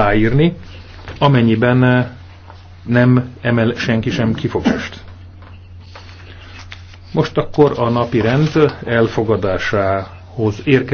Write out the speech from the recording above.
aláírni, amennyiben eh, nem emel senki sem kifogást. Most akkor a napi rend elfogadásához érkezik.